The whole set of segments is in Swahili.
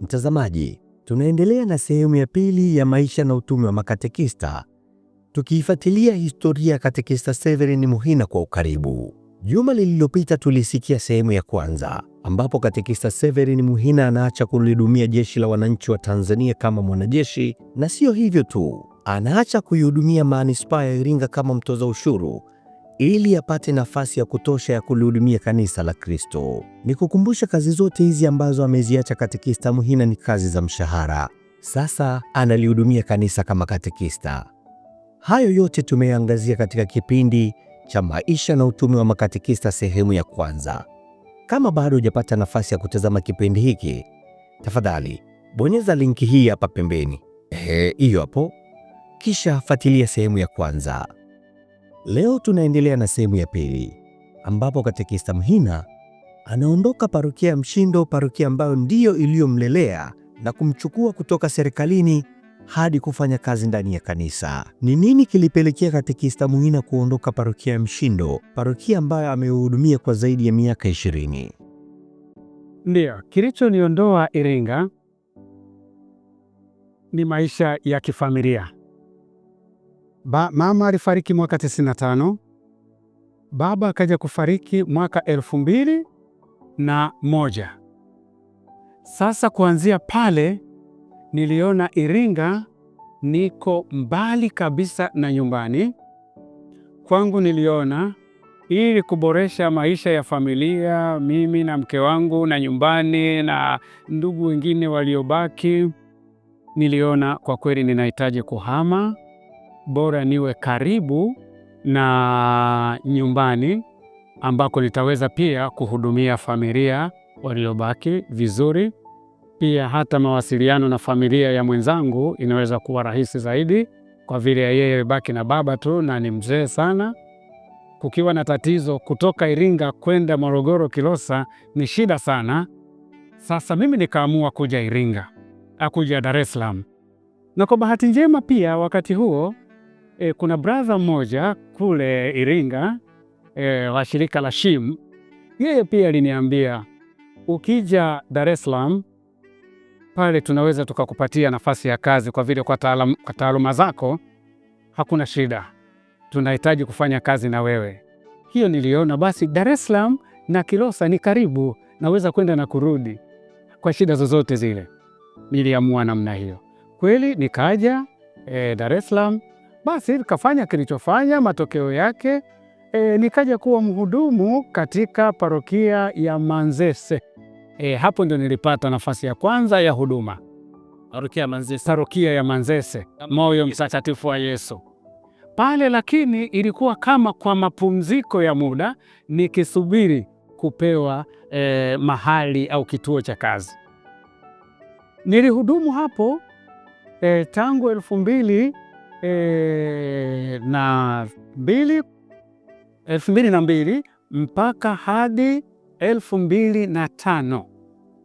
Mtazamaji, tunaendelea na sehemu ya pili ya maisha na utume wa makatekista, tukiifuatilia historia ya katekista Severini Muhina kwa ukaribu. Juma lililopita tulisikia sehemu ya kwanza ambapo katekista severin Muhina anaacha kulihudumia jeshi la wananchi wa Tanzania kama mwanajeshi, na sio hivyo tu, anaacha kuihudumia manispaa ya Iringa kama mtoza ushuru ili apate nafasi ya kutosha ya kulihudumia kanisa la Kristo. Nikukumbusha, kazi zote hizi ambazo ameziacha katekista Muhina ni kazi za mshahara. Sasa analihudumia kanisa kama katekista. Hayo yote tumeangazia katika kipindi cha maisha na utume wa makatekista sehemu ya kwanza. Kama bado hujapata nafasi ya kutazama kipindi hiki, tafadhali bonyeza linki hii hapa pembeni, ehe, hiyo hapo, kisha fuatilia sehemu ya kwanza. Leo tunaendelea na sehemu ya pili ambapo katekista Mhina anaondoka parokia ya Mshindo, parokia ambayo ndiyo iliyomlelea na kumchukua kutoka serikalini hadi kufanya kazi ndani ya kanisa. Ni nini kilipelekea katekista Mhina kuondoka parokia ya Mshindo, parokia ambayo amehudumia kwa zaidi ya miaka ishirini? Ndiyo, kilichoniondoa Iringa ni maisha ya kifamilia ba, mama alifariki mwaka 95, baba akaja kufariki mwaka elfu mbili na moja. Sasa kuanzia pale niliona Iringa niko mbali kabisa na nyumbani kwangu. Niliona ili kuboresha maisha ya familia, mimi na mke wangu na nyumbani na ndugu wengine waliobaki, niliona kwa kweli ninahitaji kuhama bora niwe karibu na nyumbani ambako nitaweza pia kuhudumia familia waliobaki vizuri. Pia hata mawasiliano na familia ya mwenzangu inaweza kuwa rahisi zaidi, kwa vile yeye baki na baba tu na ni mzee sana. Kukiwa na tatizo kutoka Iringa kwenda Morogoro Kilosa ni shida sana. Sasa mimi nikaamua kuja Iringa, akuja Dar es Salaam, na kwa bahati njema pia wakati huo e, kuna brother mmoja kule Iringa e, wa shirika la SHIM, yeye pia aliniambia ukija Dar es Salaam pale tunaweza tukakupatia nafasi ya kazi kwa vile kwa taaluma zako hakuna shida, tunahitaji kufanya kazi na wewe. Hiyo niliona basi Dar es Salaam na Kilosa ni karibu, naweza kwenda na kurudi kwa shida zozote zile. Niliamua namna hiyo, kweli nikaja e, Dar es Salaam basi kafanya kilichofanya, matokeo yake e, nikaja kuwa mhudumu katika parokia ya Manzese. E, hapo ndio nilipata nafasi ya kwanza ya huduma parokia ya Manzese, parokia ya Manzese, moyo mtakatifu wa Yesu pale, lakini ilikuwa kama kwa mapumziko ya muda nikisubiri kupewa e, mahali au kituo cha kazi. Nilihudumu hapo e, tangu elfu mbili e, na mbili elfu mbili na mbili mpaka hadi elfu mbili na tano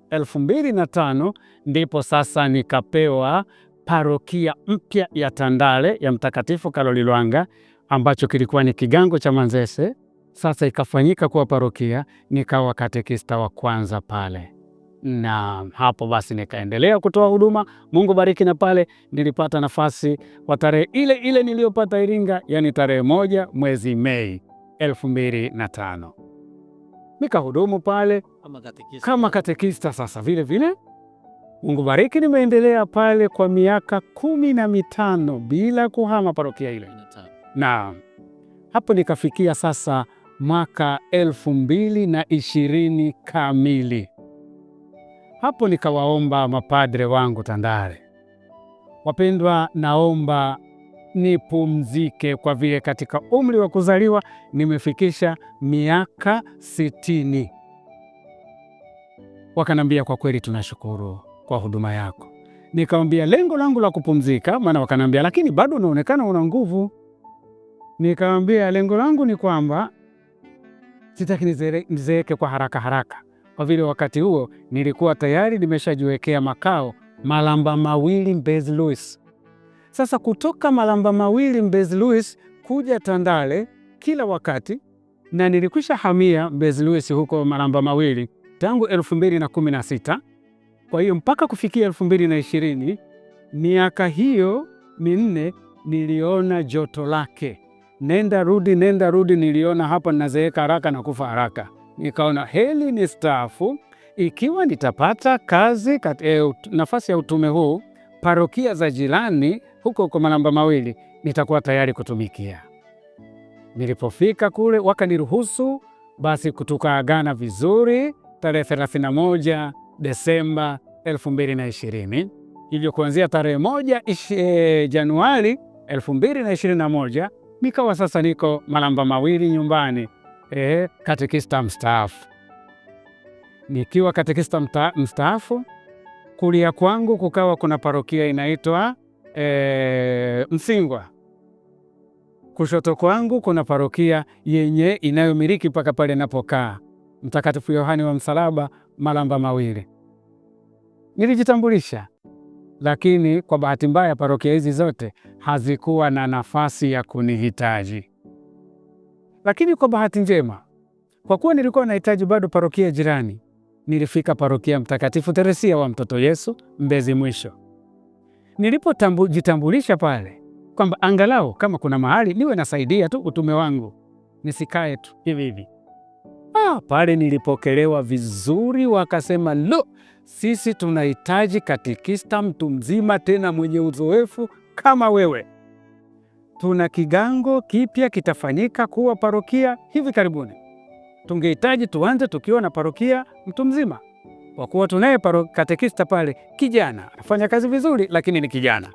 elfu mbili na tano ndipo sasa nikapewa parokia mpya ya Tandale ya Mtakatifu Karoli Lwanga ambacho kilikuwa ni kigango cha Manzese, sasa ikafanyika kuwa parokia, nikawa katekista wa kwanza pale na hapo basi nikaendelea kutoa huduma. Mungu bariki, na pale nilipata nafasi kwa tarehe ile ile niliyopata Iringa, yaani tarehe moja mwezi Mei elfu mbili na tano nikahudumu pale kama katekista, kama katekista sasa vile vile. Mungu bariki, nimeendelea pale kwa miaka kumi na mitano bila kuhama parokia ile, na hapo nikafikia sasa mwaka elfu mbili na ishirini kamili hapo nikawaomba mapadre wangu Tandale, wapendwa, naomba nipumzike kwa vile katika umri wa kuzaliwa nimefikisha miaka sitini. Wakanambia, kwa kweli tunashukuru kwa huduma yako. Nikamwambia lengo langu la kupumzika, maana wakanambia, lakini bado unaonekana una nguvu. Nikamwambia lengo langu ni kwamba sitaki nizeeke kwa haraka haraka, kwa vile wakati huo nilikuwa tayari nimeshajiwekea makao Malamba mawili Mbezi Luis. Sasa kutoka Malamba mawili Mbezi Luis kuja Tandale kila wakati, na nilikwisha hamia Mbezi Luis huko Malamba mawili tangu 2016. Kwa hiyo mpaka kufikia 2020, miaka hiyo minne niliona joto lake, nenda rudi, nenda rudi, niliona hapa ninazeeka haraka na kufa haraka nikaona heli ni staafu ikiwa nitapata kazi kat, e, nafasi ya utume huu parokia za jirani huko huko manamba mawili nitakuwa tayari kutumikia. Nilipofika kule wakaniruhusu basi, tukaagana vizuri tarehe 31 Desemba 2020. Hivyo kuanzia tarehe moja e, Januari 2021 nikawa sasa niko Malamba Mawili nyumbani eh, katekista mstaafu. Nikiwa katekista mstaafu, kulia kwangu kukawa kuna parokia inaitwa eh, Msingwa, kushoto kwangu kuna parokia yenye inayomiliki mpaka pale napokaa Mtakatifu Yohani wa Msalaba Malamba Mawili. Nilijitambulisha, lakini kwa bahati mbaya parokia hizi zote hazikuwa na nafasi ya kunihitaji. Lakini kwa bahati njema, kwa kuwa nilikuwa nahitaji bado parokia jirani, nilifika parokia Mtakatifu Teresia wa Mtoto Yesu Mbezi Mwisho. Nilipojitambulisha pale kwamba angalau kama kuna mahali niwe nasaidia tu utume wangu, nisikae tu hivi hivi. Ah, pale nilipokelewa vizuri, wakasema lo, sisi tunahitaji katikista mtu mzima tena mwenye uzoefu kama wewe tuna kigango kipya kitafanyika kuwa parokia hivi karibuni. Tungehitaji tuanze tukiwa na parokia mtu mzima, kwa kuwa tunaye katekista pale, kijana anafanya kazi vizuri, lakini ni kijana.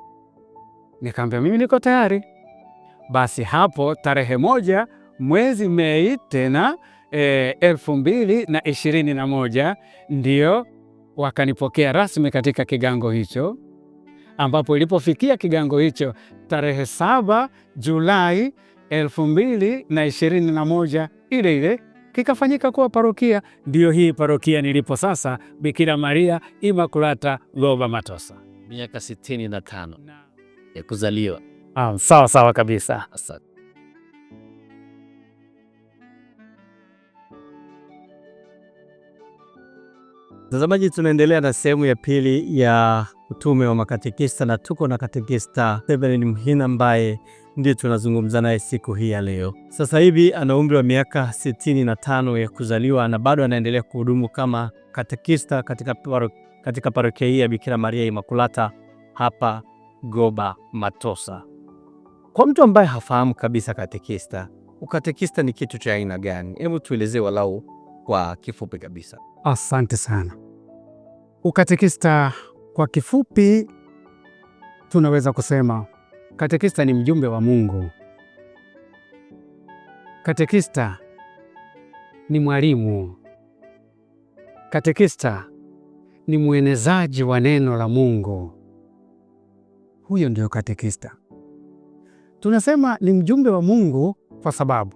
Nikamwambia mimi niko tayari. Basi hapo tarehe moja mwezi Mei tena e, elfu mbili na ishirini na moja ndio wakanipokea rasmi katika kigango hicho, ambapo ilipofikia kigango hicho tarehe 7 Julai 2021 ile ile kikafanyika kuwa parokia. Ndiyo hii parokia nilipo sasa, Bikira Maria Imakulata Loba Matosa. Miaka 65 ya kuzaliwa. Ah, sawa sawa kabisa. Asante. Mtazamaji, tunaendelea na sehemu ya pili ya utume wa makatekista na tuko na katekista Severin Mhina ambaye ndiye tunazungumza naye siku hii ya leo. Sasa hivi ana umri wa miaka 65 ya kuzaliwa na bado anaendelea kuhudumu kama katekista katika, paro, katika parokia hii ya Bikira Maria Imakulata hapa Goba Matosa. Kwa mtu ambaye hafahamu kabisa katekista, ukatekista ni kitu cha aina gani? Hebu tuelezee walau kwa kifupi kabisa. Asante sana. Ukatekista kwa kifupi, tunaweza kusema katekista ni mjumbe wa Mungu. Katekista ni mwalimu. Katekista ni mwenezaji wa neno la Mungu. Huyo ndio katekista. Tunasema ni mjumbe wa Mungu kwa sababu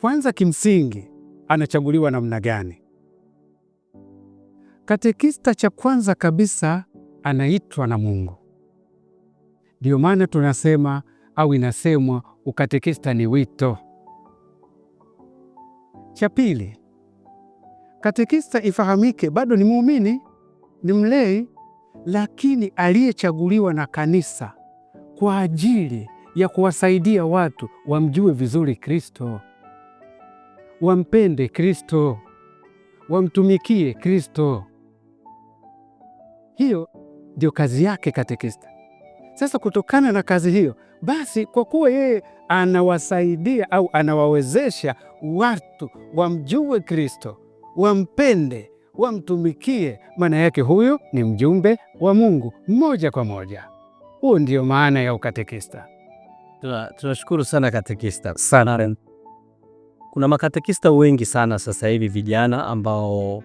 kwanza, kimsingi anachaguliwa namna gani? Katekista cha kwanza kabisa anaitwa na Mungu. Ndiyo maana tunasema au inasemwa ukatekista ni wito. Cha pili, katekista ifahamike, bado ni muumini, ni mlei, lakini aliyechaguliwa na kanisa kwa ajili ya kuwasaidia watu wamjue vizuri Kristo, wampende Kristo, wamtumikie Kristo. Hiyo ndio kazi yake katekista. Sasa kutokana na kazi hiyo basi, kwa kuwa yeye anawasaidia au anawawezesha watu wamjue Kristo, wampende, wamtumikie, maana yake huyu ni mjumbe wa Mungu moja kwa moja. Huo ndio maana ya ukatekista. Tunashukuru sana katekista sana. Kuna makatekista wengi sana sasa hivi vijana ambao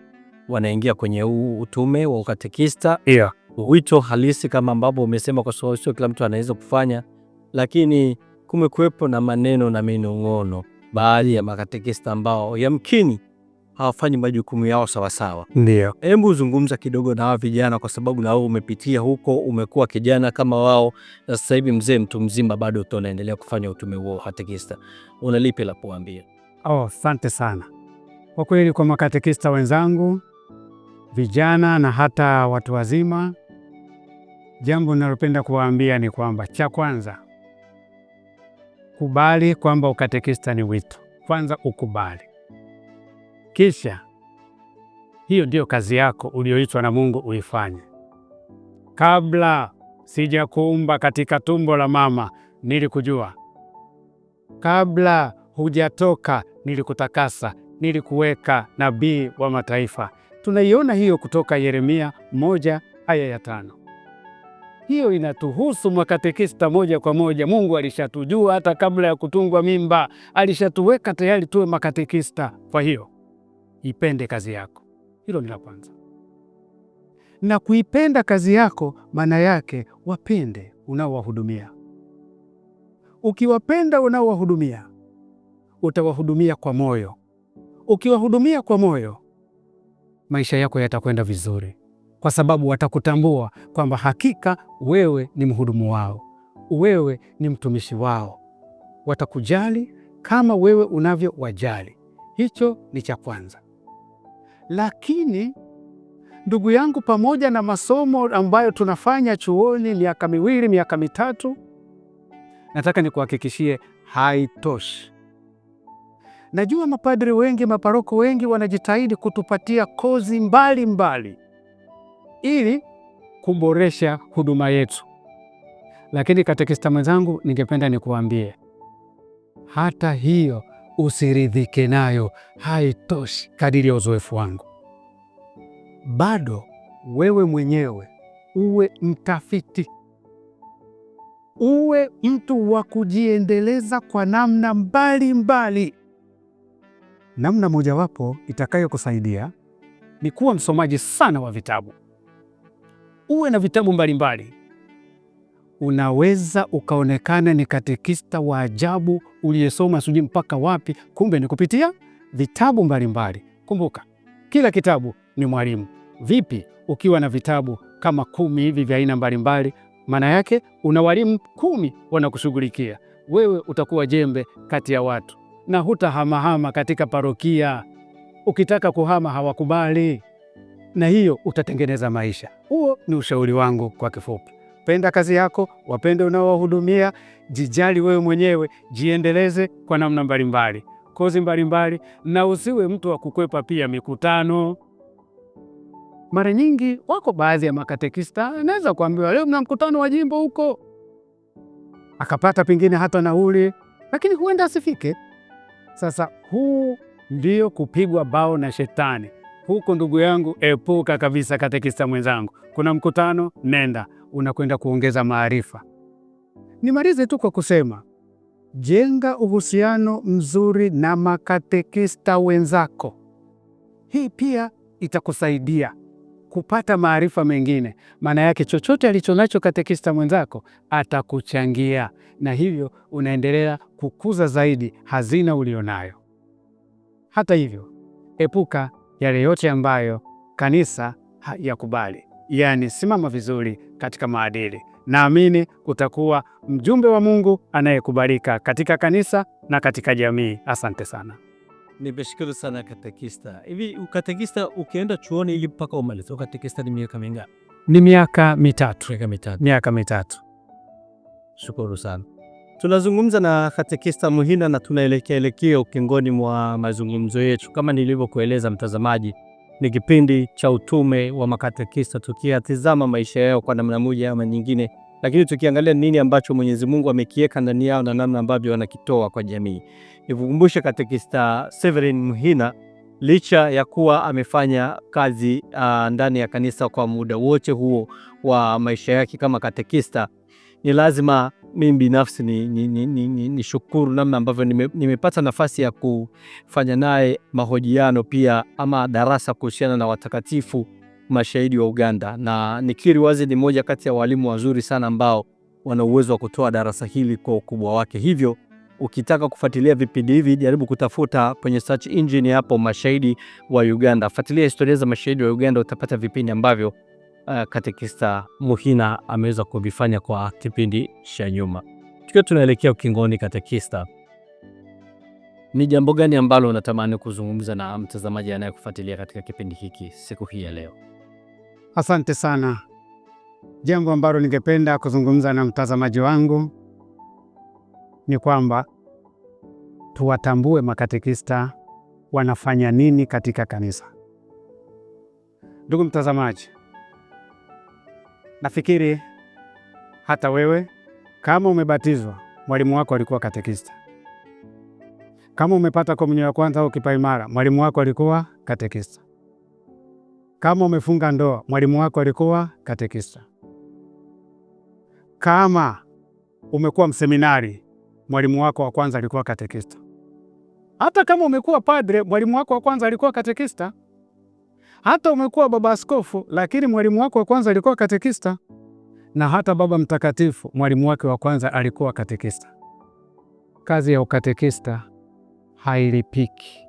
wanaingia kwenye utume wa ukatekista yeah. Wito halisi kama ambavyo umesema, kwa sababu sio kila mtu anaweza kufanya, lakini kumekuwepo na maneno na minong'ono, baadhi ya makatekista ambao yamkini hawafanyi majukumu yao sawasawa. Ndio, hebu zungumza kidogo na hawa vijana, kwa sababu na wewe umepitia huko, umekuwa kijana kama wao, na sasa hivi mzee, mtu mzima, bado tu unaendelea kufanya utume huo katekista. Una lipi la kuambia? Oh, asante sana kwa kweli kwa makatekista wenzangu vijana na hata watu wazima. Jambo ninalopenda kuwaambia ni kwamba cha kwanza, kubali kwamba ukatekista ni wito. Kwanza ukubali, kisha hiyo ndiyo kazi yako ulioitwa na Mungu uifanye. Kabla sijakuumba katika tumbo la mama nilikujua, kabla hujatoka nilikutakasa, nilikuweka nabii wa mataifa. Tunaiona hiyo kutoka Yeremia moja aya ya tano. Hiyo inatuhusu mwakatekista moja kwa moja. Mungu alishatujua hata kabla ya kutungwa mimba, alishatuweka tayari tuwe makatekista. Kwa hiyo ipende kazi yako, hilo ni la kwanza. Na kuipenda kazi yako, maana yake wapende unaowahudumia. Ukiwapenda unaowahudumia, utawahudumia kwa moyo. Ukiwahudumia kwa moyo, maisha yako yatakwenda vizuri, kwa sababu watakutambua kwamba hakika wewe ni mhudumu wao, wewe ni mtumishi wao. Watakujali kama wewe unavyowajali. Hicho ni cha kwanza. Lakini ndugu yangu, pamoja na masomo ambayo tunafanya chuoni miaka miwili, miaka mitatu, nataka nikuhakikishie haitoshi. Najua mapadri wengi, maparoko wengi wanajitahidi kutupatia kozi mbalimbali ili kuboresha huduma yetu, lakini katekista mwenzangu, ningependa nikuambie hata hiyo usiridhike nayo, haitoshi. Kadiri ya uzoefu wangu, bado wewe mwenyewe uwe mtafiti, uwe mtu wa kujiendeleza kwa namna mbalimbali mbali. Namna mojawapo itakayokusaidia ni kuwa msomaji sana wa vitabu, uwe na vitabu mbalimbali mbali. Unaweza ukaonekana ni katekista wa ajabu uliyesoma sijui mpaka wapi, kumbe ni kupitia vitabu mbalimbali mbali. Kumbuka kila kitabu ni mwalimu. Vipi ukiwa na vitabu kama kumi hivi vya aina mbalimbali? Maana yake una walimu kumi wanakushughulikia wewe, utakuwa jembe kati ya watu na hutahamahama katika parokia. Ukitaka kuhama hawakubali, na hiyo utatengeneza maisha. Huo ni ushauri wangu kwa kifupi. Penda kazi yako, wapende unaowahudumia, jijali wewe mwenyewe, jiendeleze kwa namna mbalimbali, kozi mbalimbali, na usiwe mtu wa kukwepa pia mikutano. Mara nyingi wako baadhi ya makatekista anaweza kuambiwa leo mna mkutano wa jimbo huko, akapata pengine hata nauli, lakini huenda asifike. Sasa huu ndio kupigwa bao na shetani. Huko ndugu yangu, epuka kabisa. Katekista mwenzangu, kuna mkutano, nenda, unakwenda kuongeza maarifa. Nimalize tu kwa kusema jenga uhusiano mzuri na makatekista wenzako. Hii pia itakusaidia kupata maarifa mengine. Maana yake chochote alichonacho katekista mwenzako atakuchangia, na hivyo unaendelea kukuza zaidi hazina ulionayo. Hata hivyo, epuka yale yote ambayo kanisa hayakubali, yaani simama vizuri katika maadili. Naamini utakuwa mjumbe wa Mungu anayekubalika katika kanisa na katika jamii. Asante sana. Nimeshukuru sana katekista. Hivi ukatekista ukienda chuoni ili mpaka umalize ukatekista ni miaka mingapi? Ni miaka mitatu. Miaka mitatu. Miaka mitatu. Shukuru sana. Tunazungumza na katekista Muhina na tunaelekea elekea ukingoni mwa mazungumzo yetu. Kama nilivyokueleza mtazamaji, ni kipindi cha utume wa makatekista, tukiyatizama maisha yao kwa namna moja ama nyingine, lakini tukiangalia nini ambacho Mwenyezi Mungu amekiweka ndani yao na namna ambavyo wanakitoa kwa jamii. Nikukumbushe katekista Severin Mhina, licha ya kuwa amefanya kazi uh, ndani ya kanisa kwa muda wote huo wa maisha yake kama katekista, ni lazima mimi binafsi ni, ni, ni, ni, ni shukuru namna ambavyo nime, nimepata nafasi ya kufanya naye mahojiano pia ama darasa kuhusiana na watakatifu mashahidi wa Uganda, na nikiri wazi ni moja kati ya walimu wazuri sana ambao wana uwezo wa kutoa darasa hili kwa ukubwa wake. Hivyo Ukitaka kufuatilia vipindi hivi, jaribu kutafuta kwenye search engine hapo mashahidi wa Uganda, fuatilia historia za mashahidi wa Uganda, utapata vipindi ambavyo uh, katekista Muhina ameweza kuvifanya kwa kipindi cha nyuma. Tukiwa tunaelekea ukingoni, katekista, ni jambo gani ambalo unatamani kuzungumza na mtazamaji anayekufuatilia katika kipindi hiki siku hii ya leo? Asante sana. Jambo ambalo ningependa kuzungumza na mtazamaji wangu ni kwamba tuwatambue makatekista wanafanya nini katika kanisa. Ndugu mtazamaji, nafikiri hata wewe kama umebatizwa, mwalimu wako alikuwa katekista. Kama umepata komunyo ya kwanza au kipaimara, mwalimu wako alikuwa katekista. Kama umefunga ndoa, mwalimu wako alikuwa katekista. Kama umekuwa mseminari, mwalimu wako wa kwanza alikuwa katekista. Hata kama umekuwa padre, mwalimu wako wa kwanza alikuwa katekista. Hata umekuwa baba askofu, lakini mwalimu wako wa kwanza alikuwa katekista. Na hata baba mtakatifu, mwalimu wake wa kwanza alikuwa katekista. Kazi ya ukatekista hailipiki.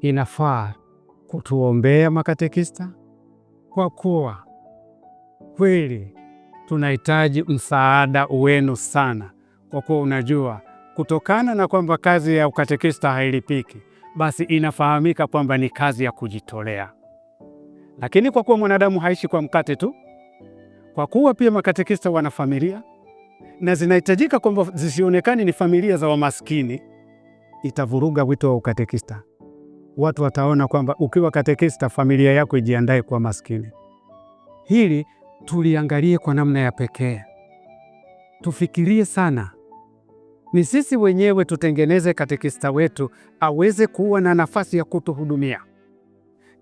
Inafaa kutuombea makatekista, kwa kuwa kweli tunahitaji msaada wenu sana kwa kuwa unajua kutokana na kwamba kazi ya ukatekista hailipiki, basi inafahamika kwamba ni kazi ya kujitolea. Lakini kwa kuwa mwanadamu haishi kwa mkate tu, kwa kuwa pia makatekista wana familia na zinahitajika kwamba zisionekane ni familia za wamaskini, itavuruga wito wa ukatekista. Watu wataona kwamba ukiwa katekista familia yako ijiandae kwa maskini. Hili tuliangalie kwa namna ya pekee, tufikirie sana ni sisi wenyewe tutengeneze katekista wetu aweze kuwa na nafasi ya kutuhudumia.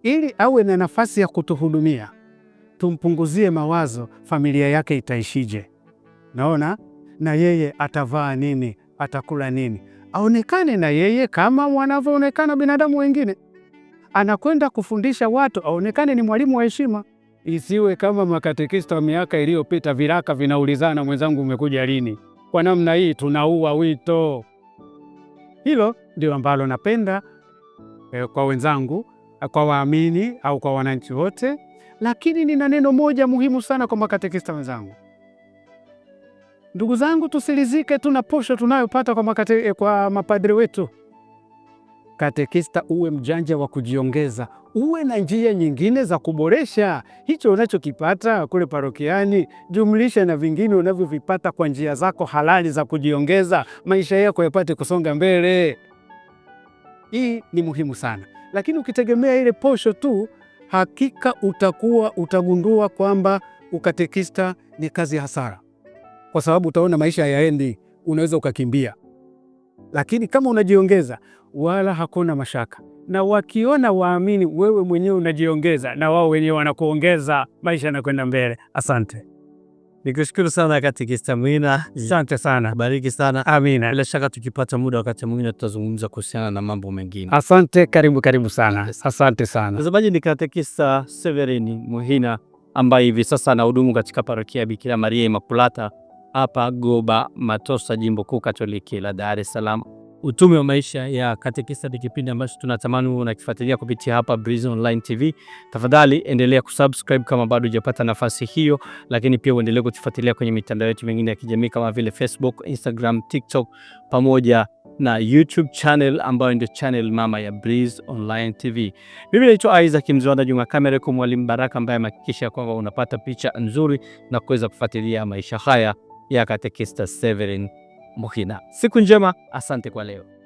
Ili awe na nafasi ya kutuhudumia, tumpunguzie mawazo, familia yake itaishije? Naona na yeye atavaa nini, atakula nini, aonekane na yeye kama wanavyoonekana binadamu wengine. Anakwenda kufundisha watu, aonekane ni mwalimu wa heshima. Isiwe kama makatekista wa miaka iliyopita, viraka vinaulizana, mwenzangu umekuja lini? Kwa namna hii tunaua wito. Hilo ndio ambalo napenda eh, kwa wenzangu, eh, kwa waamini au kwa wananchi wote. Lakini nina neno moja muhimu sana kwa makatekista wenzangu. Ndugu zangu, tusilizike tu na posho tunayopata kwa, eh, kwa mapadri wetu. Katekista uwe mjanja wa kujiongeza, uwe na njia nyingine za kuboresha hicho unachokipata kule parokiani, jumlisha na vingine unavyovipata kwa njia zako halali za kujiongeza, maisha yako yapate kusonga mbele. Hii ni muhimu sana, lakini ukitegemea ile posho tu, hakika utakuwa utagundua kwamba ukatekista ni kazi ya hasara, kwa sababu utaona maisha hayaendi, unaweza ukakimbia. Lakini kama unajiongeza, wala hakuna mashaka na wakiona waamini, wewe mwenyewe unajiongeza na wao wenyewe wanakuongeza, maisha yanakwenda mbele. Asante, nikushukuru sana katekista Mwina, asante sana, bariki sana. Amina, bila shaka tukipata muda, wakati mwingine tutazungumza kuhusiana na mambo mengine. Asante, karibu karibu sana, asante sana. Mtazamaji, ni katekista Severini Muhina ambaye hivi sasa anahudumu katika parokia ya Bikira Maria Imakulata hapa Goba Matosa, jimbo kuu Katoliki la Dar es Salaam. Utume wa maisha ya katekista ni kipindi ambacho tunatamani unakifuatilia kupitia hapa Breez Online TV. Tafadhali endelea kusubscribe kama bado hujapata nafasi hiyo, lakini pia uendelee kutufuatilia kwenye mitandao yetu mingine ya kijamii kama vile Facebook, Instagram, TikTok pamoja na YouTube channel ambayo ndio channel mama ya Breez Online TV. Mimi naitwa Isaac Mzwanda Juma, kamera kwa Mwalimu Baraka ambaye amehakikisha kwamba unapata picha nzuri na kuweza kufuatilia maisha haya ya katekista Severin Muhina. Siku njema, asante kwa leo.